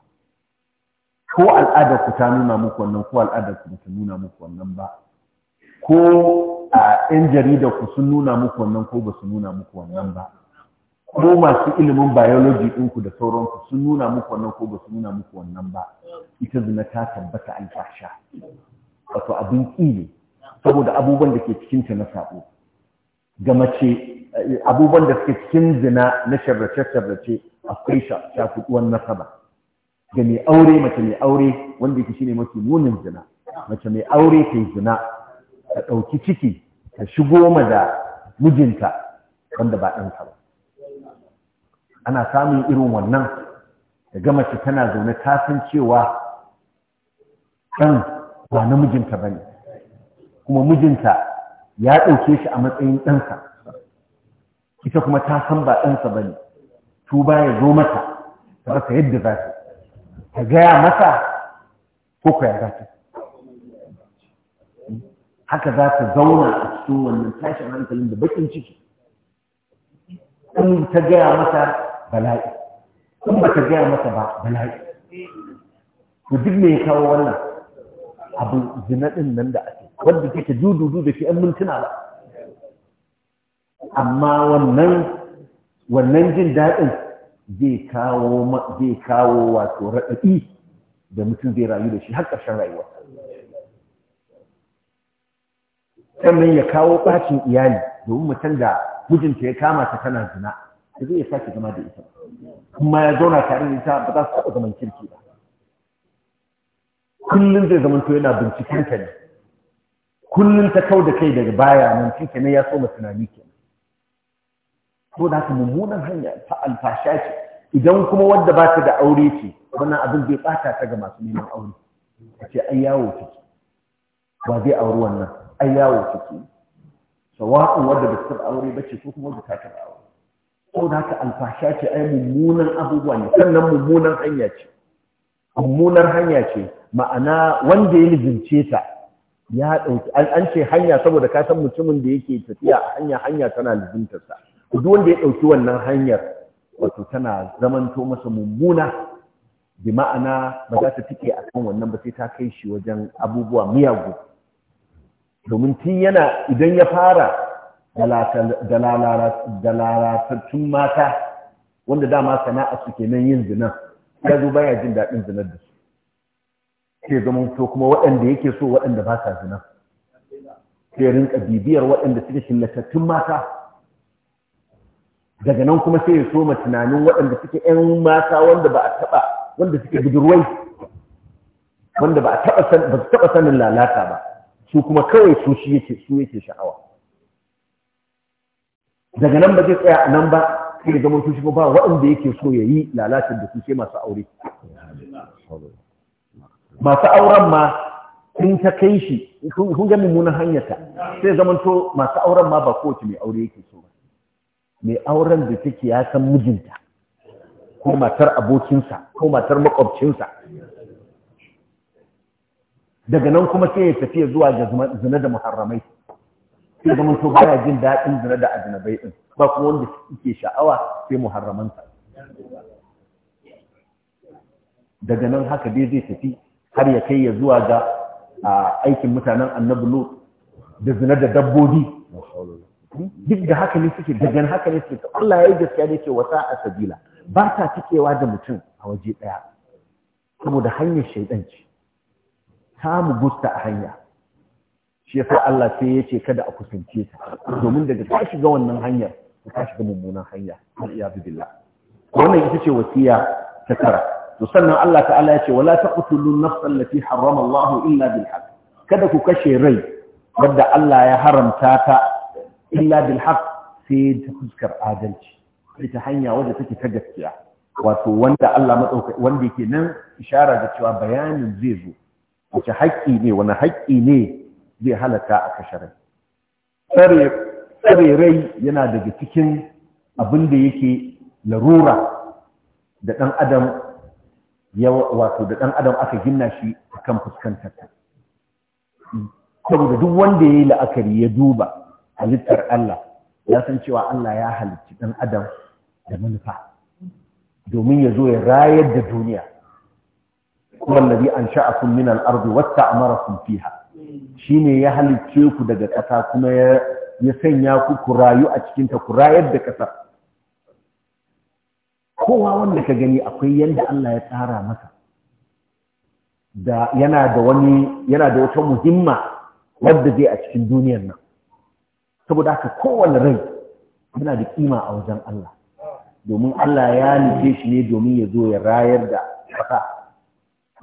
ko al'adar ku ta nuna muku wannan ko al'adar ku ta nuna muku wannan ba ko a yan jarida ku sun nuna muku wannan ko ba su nuna muku wannan ba ko masu ilimin biology ɗinku da sauranku sun nuna muku wannan ko ba su nuna muku wannan ba ita zina ta tabbata kasha wato abin ƙi ne saboda abubuwan da ke cikinta na sabo ga mace abubuwan da suke cikin zina na sharrace-sharrace kai shafuɗuwan nasaba ga mai aure mace mai aure wanda yake shine mafi munin zina mace mai aure ta yi zina ta ɗauki ciki ta shigo ma da mijinta wanda ba ɗansa ba ana samun irin wannan da gama ce tana zaune ta san cewa ɗan ba na mijinta ba ne kuma mijinta ya ɗauke shi a matsayin ɗansa ita kuma ta san ba ɗansa ba ne tuba ya zo mata ta rasa yadda za ta ta gaya masa ko ko ya za ta haka za ta zauna a cikin wannan tashin hankalin da bakin ciki in ta gaya mata, bala'i in ba ta gaya mata ba bala'i to duk me ya kawo wannan abin zinaɗin nan da ake wadda take dududu da shi an mintuna ba amma wannan wannan jin daɗin zai kawo zai kawo wato raɗaɗi da mutum zai rayu da shi har ƙarshen rayuwa sannan ya kawo ɓacin iyali domin mutum da mijinta ya kama ta tana zina da zai ya sake zama da ita kuma ya zauna tare da ita ba za su taɓa zaman kirki ba kullum zai zamanto yana binciken ka ne kullum ta kau da kai daga baya nan ka ne ya so tunani ke ko da haka mummunan hanya ta alfasha ce idan kuma wadda ba ta da aure ce wannan abin zai ɓata ta ga masu neman aure a ce ai yawo take ba zai auri wannan ai yawo suke sawa'un wadda ba su aure ba ce ko kuma wadda ta taɓa aure ko da haka alfasha ce ai mummunan abubuwa ne sannan mummunan hanya ce mummunar hanya ce ma'ana wanda ya lizince ta ya ɗauki an ce hanya saboda ka san mutumin da yake tafiya hanya hanya tana lizintarsa duk wanda ya ɗauki wannan hanyar wato tana zamanto masa mummuna bi ma'ana ba za ta tike akan wannan ba sai ta kai shi wajen abubuwa miyagu domin tun yana idan ya fara da lalatattun mata wanda dama sana'a su kenan yin zina ya zo baya jin daɗin zinar da su ke zama to kuma waɗanda yake so waɗanda ba sa zina sai rinka bibiyar waɗanda suke shillatattun mata daga nan kuma sai ya soma tunanin waɗanda suke ‘yan mata wanda ba a taɓa wanda suke budurwai wanda ba a taɓa sanin lalata ba su kuma kawai su shi yake su yake sha'awa daga nan ba zai tsaya a nan ba sai zaman su shigo ba waɗanda yake so ya yi lalacin da su sai masu aure masu auren ma in ta kai shi kun ga mummunan hanyarta sai zama to masu auren ma ba kowace mai aure yake so mai auren da take ya san mijinta ko matar abokinsa ko matar makwabcinsa daga nan kuma sai ya tafi zuwa ga zina da muharramai sai zama to baya jin daɗin zina da ajnabai din ba kuma wanda suke sha'awa sai muharramansa daga nan haka dai zai tafi har ya kai ya zuwa ga aikin mutanen annabi lut da zina da dabbobi duk da haka ne suke daga haka ne suke Allah ya yi gaskiya ne ce wasa a sabila ba ta cikewa da mutum a waje ɗaya saboda hanyar shaidan samu gusta a hanya shi yasa Allah sai ya ce kada a kusance ta domin daga ka shiga wannan hanyar ka shiga mummunan hanya har iya wannan ita ce wasiya ta tara to sannan Allah ta'ala ya ce wala taqtulu nafsa allati harrama Allah illa bil haqq kada ku kashe rai wanda Allah ya haramta ta illa bil haqq sai ta fuskar adalci ita hanya wadda take ta gaskiya wato wanda Allah madauka wanda yake nan ishara da cewa bayanin zai zo wace haƙƙi ne wani haƙƙi ne zai halarta a kashirai tsare rai yana daga cikin abin da yake larura da ɗan adam wato da ɗan adam aka gina shi a kan fuskantarta saboda duk wanda ya yi la'akari ya duba halittar Allah ya san cewa Allah ya halicci ɗan adam da manufa domin ya zo ya rayar da duniya kuma a ansha'akum min sun fi ha Shi ne ya halicce ku daga ƙasa kuma ya sanya ku ku rayu a cikin ta ku rayar da ƙasa kowa wanda ka gani akwai yadda Allah ya tsara masa da yana da wani yana da wata muhimma wadda zai a cikin duniyar nan saboda haka kowane rai yana da kima a wajen Allah domin Allah ya nufe shi ne domin ya zo ya rayar da ƙasa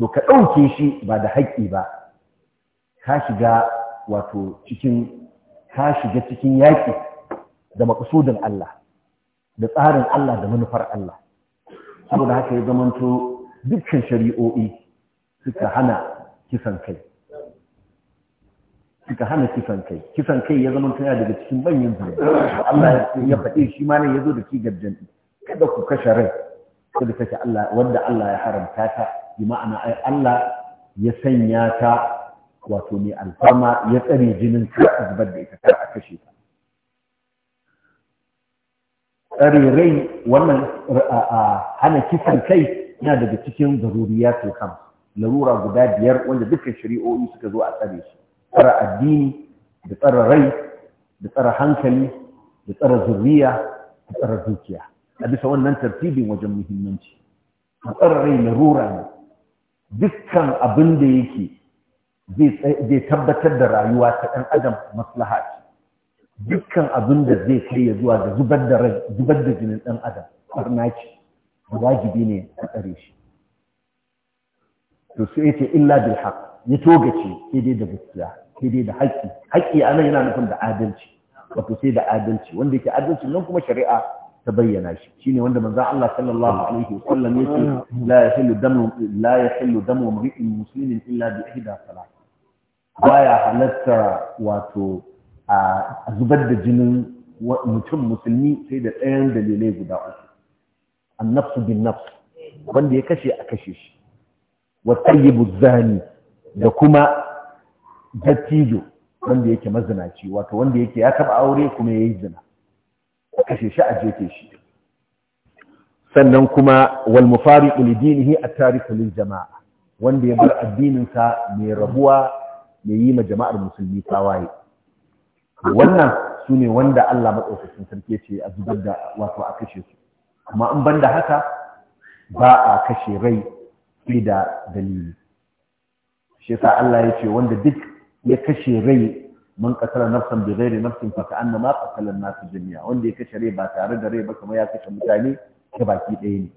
to ka ɗauke shi ba da haƙƙi ba ka shiga wato cikin ka shiga cikin yaƙi da maƙasudin Allah da tsarin Allah da manufar Allah saboda haka ya zamanto dukkan shari'o'i suka hana kisan kai suka hana kisan kai kisan kai ya daga cikin manyan zuwa Allah ya faɗi shi ma ne ya zo da ki kada ku kashe rai kada kashe Allah wanda Allah ya haramta ta bi ma'ana ai Allah ya sanya ta wato mai alfama ya tsare jinin kar a zubar da ita kar a kashe ta tsare rai wannan hana kisan kai yana daga cikin zaruriya to larura guda biyar wanda dukkan shari'o'i suka zo a tsare shi tsara addini da tsara rai da tsara hankali da tsara zurriya da tsara dukiya a bisa wannan tartibin wajen muhimmanci tsara rai larura ne dukkan abin da yake zai tabbatar da rayuwa ta ɗan adam maslaha ce dukkan abin da zai kai ya zuwa da zubar da jinin ɗan adam ɓarna ce wajibi ne a tsare shi to sai ce illa bil haq ya togace sai dai da gaskiya sai da haƙƙi haƙƙi a nan yana nufin da adalci wato sai da adalci wanda yake adalci nan kuma shari'a ta bayyana shi shine wanda manzo Allah sallallahu alaihi wasallam yake la yahillu damu la yahillu damu mri'in muslimin illa bi ihda salat baya halarta wato a zubar da jinin mutum musulmi sai da ɗayan dalilai guda uku annafsu bin nafs wanda ya kashe a kashe shi wa tayyibu zani da kuma dattijo wanda yake mazinaci wato wanda yake ya taba aure kuma yayi zina ko kashe shi a jefe shi sannan kuma wal mufariqu li dinihi at-tariku lil jama'a wanda ya bar addinin sa mai rabuwa mai yi ma jama'ar musulmi tawaye wannan sune wanda Allah madaukakin sarki ce a zubar da wato a kashe su amma in banda haka ba a kashe rai da dalili shi yasa Allah ya ce wanda duk ya kashe rai man qatala nafsan bi ghairi nafsin fa ka'anna ma qatala an-nas jami'a wanda ya kashe rai ba tare da rai ba kamar ya kashe mutane ta baki ɗaya ne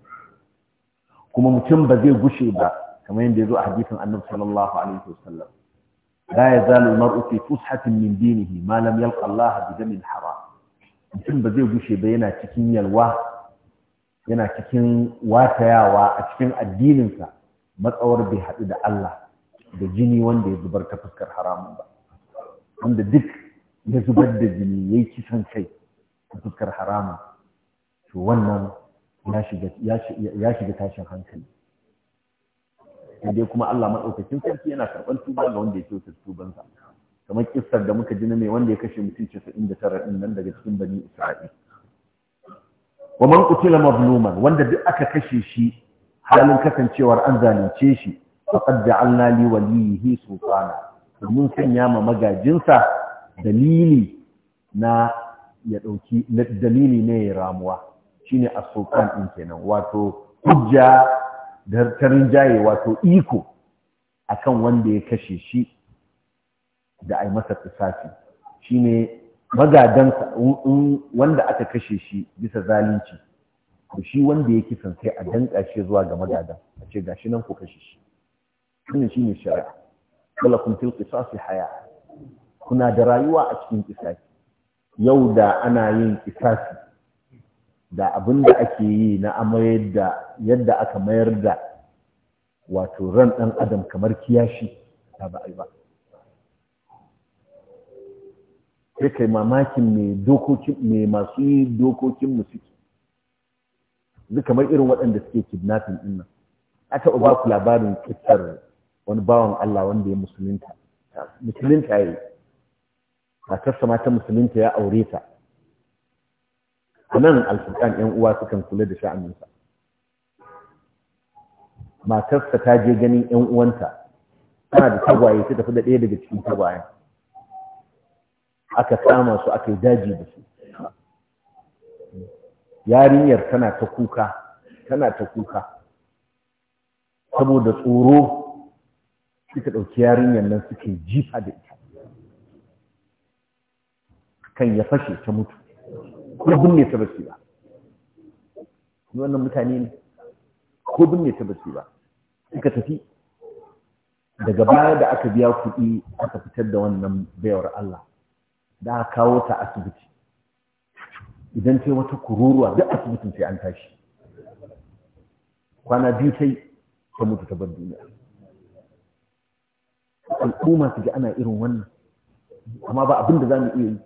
kuma mutum ba zai gushe ba kamar yadda ya zo a hadisin annabi sallallahu alaihi wasallam la yazalu al-mar'u fi fushatin min dinihi ma lam yalqa Allah bi damin mutum ba zai gushe ba yana cikin yalwa yana cikin watayawa a cikin addininsa matsawar bai haɗu da Allah da jini wanda ya zubar ta fuskar haramun ba wanda duk ya zubar da jini ya yi kisan kai a fuskar harama to wannan ya shiga tashin hankali dai kuma Allah maɗaukacin sarki yana karɓar tuba ga wanda ya kyauta tubansa kamar kissar da muka ji na mai wanda ya kashe mutum casa'in da tara ɗin nan daga cikin bani israi wa man qutila mazluman wanda duk aka kashe shi halin kasancewar an zalunce shi faqad ja'alna li waliyhi sultana domin sanya ma magajinsa dalili na ya ɗauki dalili ne ya ramuwa shine a sokan ɗin kenan wato hujja da tarin jaye wato iko akan wanda ya kashe shi da a yi masa shi ne magadansa wanda aka kashe shi bisa zalunci to shi wanda ya kisan sai a danka shi zuwa ga magadan a ce gashi nan ko kashe shi shi ne shari'a walakum fil qisasi haya kuna da rayuwa a cikin kisasi yau da ana yin kisasi da abin da ake yi na amayar da yadda aka mayar da wato ran ɗan adam kamar kiyashi ta ba ba sai kai mamakin mai dokokin mai masu yi dokokin musiki duk kamar irin waɗanda suke kidnapping ɗin nan aka ba ku labarin kitar wani bawan Allah wanda ya musulunta musulunta ya yi. matarsa mata musulunta ya aure ta anan alfurkan yan uwa sukan kula da sha'aninsa matarsa ta je ganin yan uwanta tana da tagwaye ta tafi da ɗaya daga cikin tagwaye. aka sama su aka yi daji da su yarinyar tana ta kuka tana ta kuka saboda tsoro suka ɗauki yarinyar nan suka yi jifa da ita kan ya fashe ta mutu ko binne ta basu ba ni wannan mutane ne ko binne ta basu ba suka tafi daga baya da aka biya kuɗi aka fitar da wannan bayar Allah da aka kawo ta asibiti idan ta wata kururuwa duk asibitin sai an tashi kwana biyu ta yi ta mutu ta bar duniya al'umma su ji ana irin wannan amma ba abin da za mu iya yi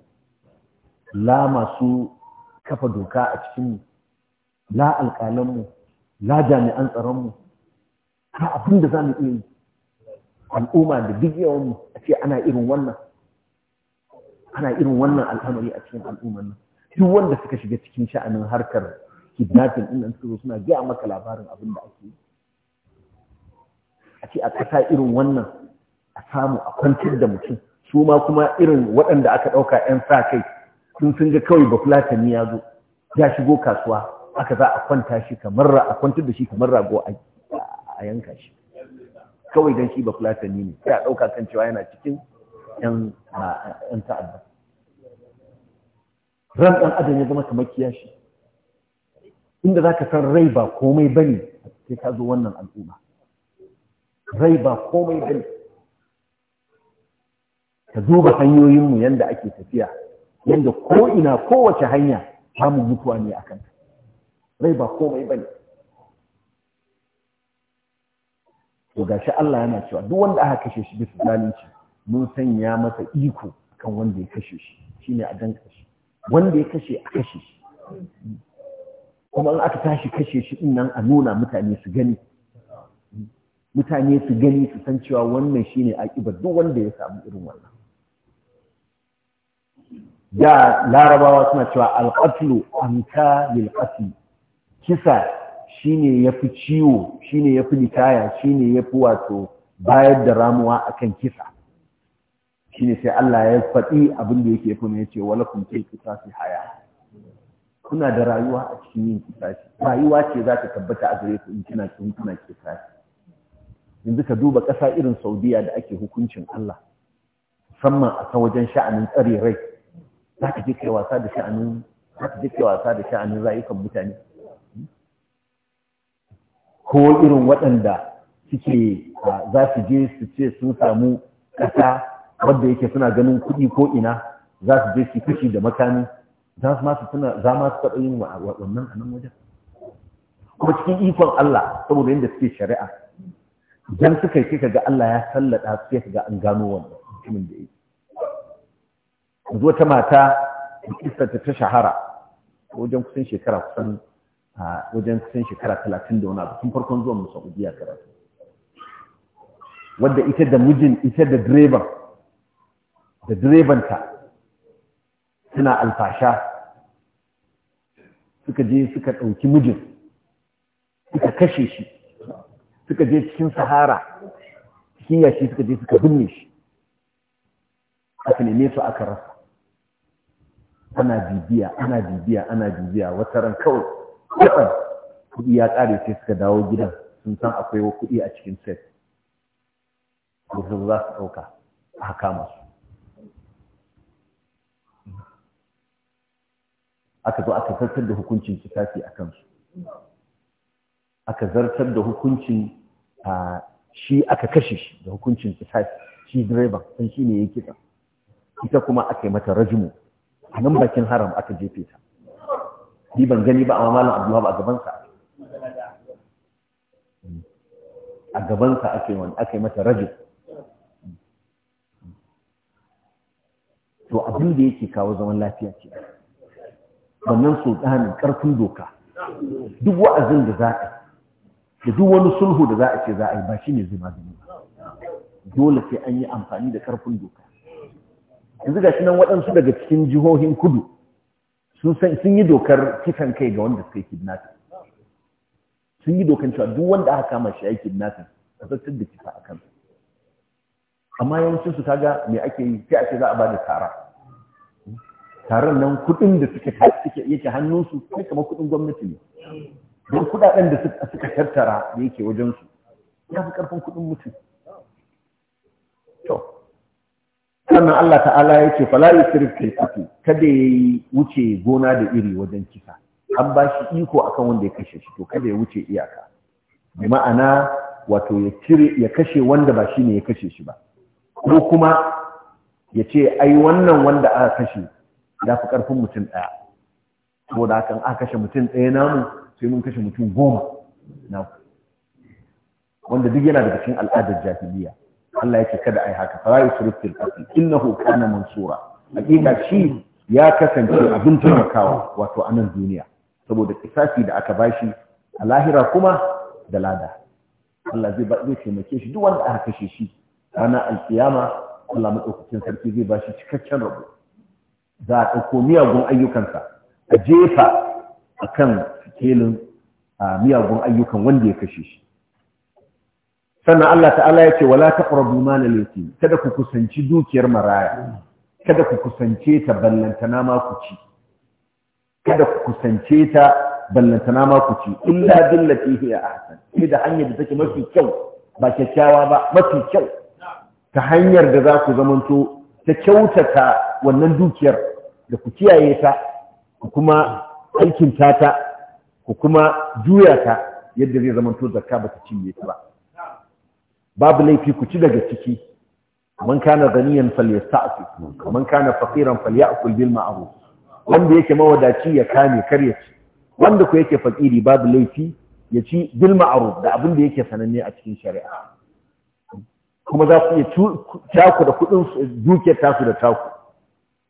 la masu kafa doka a cikinmu la alƙalanmu la jami'an tsaronmu ba abin da za mu iya yi al'umma da duk yawanmu a ce ana irin wannan ana irin wannan al'amari a cikin al'ummar nan duk wanda suka shiga cikin sha'anin harkar kidnapping ɗin nan suka suna gaya maka labarin abin da ake yi a ce a ƙasa irin wannan a samu a kwantar da mutum su ma kuma irin waɗanda aka ɗauka 'yan sa kai sun sun ga kawai bafulatani ya zo ya shigo kasuwa aka za a kwanta shi kamar a kwantar da shi kamar rago a yanka shi kawai don shi bafulatani ne sai a ɗauka kan cewa yana cikin 'yan ta'adda ran ɗan adam ya zama kamar kiyashi inda za ka san rai ba komai bane sai ka zo wannan al'umma rai ba komai bane ka duba hanyoyinmu yadda ake tafiya yadda ko'ina kowace hanya samun mutuwa ne a kanta rai ba komai ba ne to shi Allah yana cewa duk wanda aka kashe shi bisa zalunci mun sanya masa iko kan wanda ya kashe shi shine a dan kashe wanda ya kashe a kashe shi kuma in aka tashi kashe shi din nan a nuna mutane su gani mutane su gani su san cewa wannan shine akibar duk wanda ya samu irin wannan da larabawa suna cewa alƙatlu an ka lilƙatli kisa shine ya fi ciwo shine ya fi litaya shine ya fi wato bayar da ramuwa a kan kisa Shi ne sai Allah ya faɗi abin da yake kuma ya ce wala kun kai kisa fi haya kuna da rayuwa a cikin yin kisa rayuwa ce za ta tabbata a gare ku in kina kin kuna kisa yanzu ka duba ƙasa irin Saudiya da ake hukuncin Allah musamman a ta wajen sha'anin tsare rai je wasa da sha'anin za ka je kai wasa da sha'anin rayukan mutane ko irin waɗanda suke za su je su ce sun samu ƙasa wadda yake suna ganin kuɗi ko ina za su je su fushi da makami za su masu suna za ma su taɓa yin wannan a nan wajen kuma cikin ikon Allah saboda yadda suke shari'a idan suka yi ga Allah ya sallada su sai ga an gano wannan mutumin da yake yanzu wata mata kissarta ta shahara wajen kusan shekara kusan wajen kusan shekara talatin da wani abokan farkon zuwan musa ubiya karatu wadda ita da mijin ita da direban da direbanta suna alfasha suka je suka ɗauki mijin suka kashe shi suka je cikin sahara cikin yashi suka je suka binne shi aka neme su aka rasa ana bibiya ana bibiya ana bibiya wata ran kawai kwatsam kuɗi ya ƙare sai suka dawo gidan sun san akwai kuɗi a cikin set ko su za su ɗauka a kama su aka zo aka zartar da hukuncin kitafi a kansu aka zartar da hukuncin shi aka kashe shi da hukuncin kitafi shi direban san shi ne ya kisa ita kuma aka yi mata rajimu a nan bakin haram aka jefe ta ni ban gani ba amma malam abdullahi a gabansa a gabansa ake wani ake mata rajin to abin da yake kawo zaman lafiya ce wannan tsanin karfin doka duk wa'azin da za a da duk wani sulhu da za a ce za a yi ba shi ne zai magani ba dole sai an yi amfani da karfin doka yanzu ga nan waɗansu daga cikin jihohin kudu sun yi dokar kisan kai ga wanda suka yi kidnapping sun yi dokan cewa duk wanda aka kama shi ya yi kidnapping a zartar da kisa a kansa amma yawancin su kaga me ake yi sai a ce za a bada tara taron nan kuɗin da suka suke yake hannunsu kai kamar kuɗin gwamnati ne don kuɗaɗen da suka tattara da yake wajensu ya fi ƙarfin kuɗin mutum sannan Allah ta'ala ya ce fala yusrif kai tafi kada ya yi wuce gona da iri wajen kisa an ba shi iko akan wanda ya kashe shi to kada ya wuce iyaka bi ma'ana wato ya kashe wanda ba shi ne ya kashe shi ba ko kuma ya ce ai wannan wanda aka kashe ya fi karfin mutum ɗaya Ko da kan aka kashe mutum ɗaya namu sai mun kashe mutum goma na wanda duk yana daga cikin al'adar jahiliya Allah yake kada yi haka fara yusrif fil qatl innahu kana mansura hakika shi ya kasance abin taimakawa wato a nan duniya saboda kisasi da aka bashi a lahira kuma da lada Allah zai zai taimake shi duk wanda aka kashe shi ranar alkiyama Allah madaukakin sarki zai bashi cikakken rabo za a ɗauko miyagun ayyukansa a jefa akan sikelin miyagun ayyukan wanda ya kashe shi sannan Allah ta'ala ya ce wala taqrabu mal al-yatim kada ku kusanci dukiyar maraya kada ku kusance ta ballantana ma ku ci kada ku kusance ta ballantana ma ku ci illa billati hiya ahsan Ni da hanyar da take mafi kyau ba kyakkyawa ba mafi kyau ta hanyar da za ku zamanto ta kyautata wannan dukiyar da ku kiyaye ta ku kuma aikin ta ku kuma juya ta yadda zai zamanto zakka ba ta cinye ta ba babu laifi ku ci daga ciki man kana ganiyan falyasta'fi man kana faqiran falyakul bil ma'ruf wanda yake mawadaci ya kame kar ya ci wanda ku yake fakiri babu laifi ya ci bil ma'ruf da abin da yake sananne a cikin shari'a kuma za ku iya taku da kudin dukiyar tasu da taku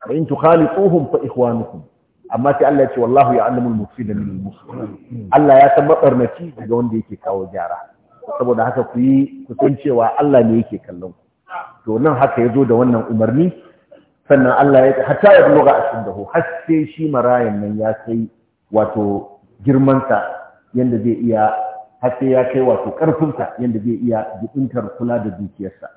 fa in tukhalituhum fa ikhwanukum amma sai Allah ya ce wallahu ya'lamul mufsida minal muslih Allah ya san mabarnaci daga wanda yake kawo gyara saboda haka ku yi cewa Allah ne yake kallon ku to nan haka yazo da wannan umarni sannan Allah ya hatta ya buluga ashiddahu har sai shi marayan nan ya kai wato girmansa yanda zai iya har ya kai wato karfinsa yanda zai iya jibintar kula da dukiyarsa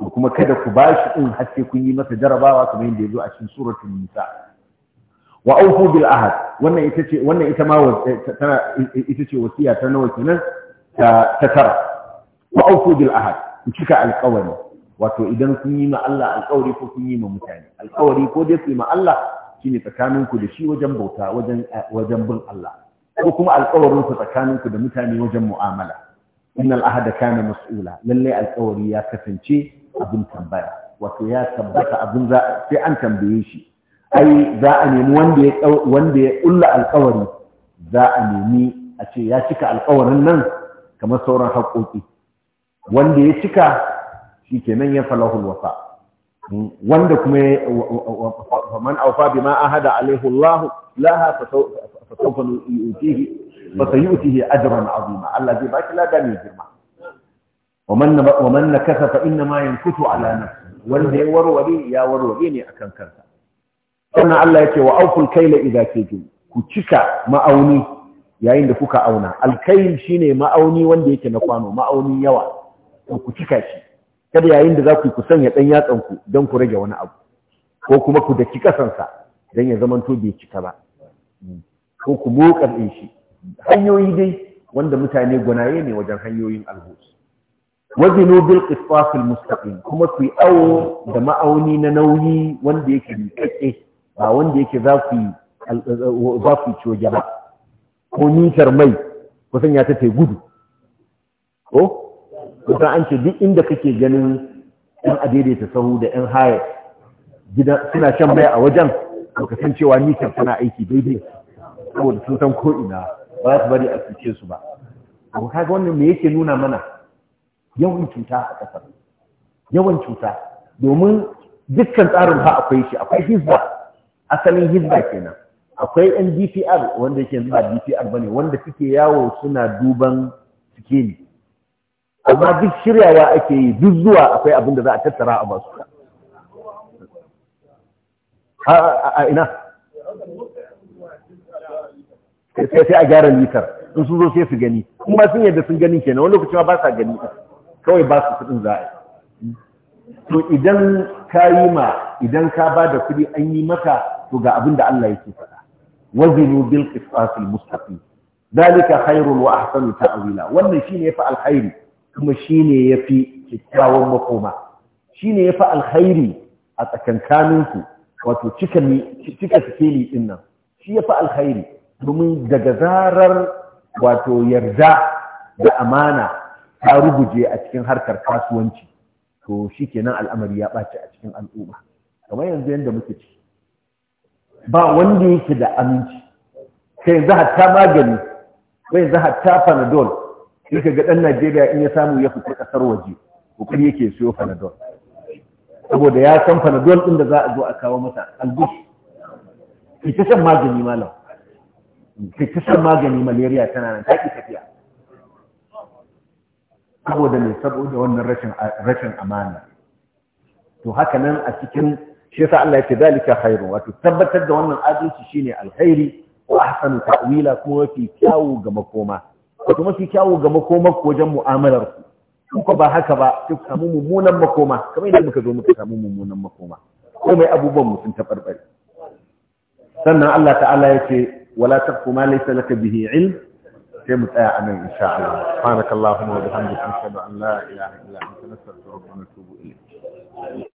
to kuma kada ku bashi in har sai kun yi masa jarabawa kamar yanda ya a cikin suratul nisa wa aufu bil ahad wannan ita ce wannan ita ma ce wasiya ta nawa kenan ta tara wa auku bil ahad ku cika alƙawari wato idan kun yi ma Allah alƙawari ko kun yi ma mutane alƙawari ko dai kun yi ma Allah shine tsakanin ku da shi wajen bauta wajen wajen bin Allah ko kuma alƙawarin ku tsakanin ku da mutane wajen mu'amala innal ahada kana mas'ula lalle alƙawari ya kasance abin tambaya wato ya tabbata abin za sai an tambaye shi ai za a nemi wanda ya wanda ya kulla alƙawari za a nemi a ce ya cika alƙawarin nan kamar sauran haƙoƙi wanda ya cika shi kenan ya falahul Wasa. wanda kuma man aufa bima ahada alaihi Allah laha fa sawfa yu'tihi fa sayu'tihi ajran 'azima Allah zai baki lada mai girma waman waman nakasa fa inna ma yankutu ala nafsi wanda ya warware ya warware ne akan kansa sannan Allah yake wa auful kaila idza kaytum ku cika ma'auni yayin da kuka auna alkayin shine ma'auni wanda yake na kwano ma'auni yawa to ku cika shi kada yayin da za ku sanya dan yatsan ku dan ku rage wani abu ko kuma ku daki sa don ya zamanto bai cika ba ko ku mokar din shi hanyoyi dai wanda mutane gwanaye ne wajen hanyoyin alhus wazinu bil qisas al mustaqim kuma ku awo da ma'auni na nauyi wanda yake miƙaƙe ba wanda yake za ku za ku ciwo ba ko mitar mai kusan ya tafe gudu ko kusan an ce duk inda kake ganin yan adaidaita sahu da yan haya gida suna shan mai a wajen ka san cewa mitar tana aiki daidai saboda sun san ko ina ba za su bari a cuce su ba abu kaga wannan me yake nuna mana yawan cuta a ƙasar yawan cuta domin dukkan tsarin ba akwai shi akwai hizba asalin hizba kenan akwai yan DPR wanda yake ba DPR bane wanda suke yawo suna duban ne amma duk shiryawa ake yi duk zuwa akwai abin da za a tattara a basu a ina sai a gyara litar in sun zo sai su gani kuma sun yadda sun gani kenan wani lokacin ba sa gani kawai ba su kudin za a yi to idan ka yi ma idan ka ba da kudi an yi maka to ga abin da Allah yake faɗa wazinu bil qisas al mustaqim dalika khairun wa wannan shine yafi alkhairi kuma shine yafi kyakkyawan makoma shine yafi alkhairi a tsakankanin ku wato cika cika sikeli din nan shi yafi alkhairi domin daga zarar wato yarda da amana ta ruguje a cikin harkar kasuwanci to shikenan al'amari ya ɓaci a cikin al'umma kamar yanzu yadda muke ciki ba wanda yake da aminci kai yanzu hatta magani kai yanzu hatta panadol kai ka ga dan Najeriya in ya samu ya fita kasar waje kokari yake siyo panadol saboda ya san panadol din da za a zo a kawo masa albus ki ta shan magani malam ki ta san magani malaria tana nan taki tafiya saboda ne saboda wannan rashin rashin amana to haka nan a cikin shi yasa Allah yake zalika khairun wato tabbatar da wannan adalci shine alkhairi wa ahsanu ta'wila kuma mafi kyawu ga makoma wato mafi kyawu ga makoma ko wajen mu'amalar ku ko ba haka ba ku samu mummunan makoma kamar yadda muka zo muka samu mummunan makoma ko mai abubuwan mu sun tabarbare sannan Allah ta'ala yake wala taqfu ma laysa laka bihi ilm sai mu tsaya anan insha Allah subhanakallahumma wa bihamdika ashhadu an la ilaha illa anta nastaghfiruka wa natubu ilayk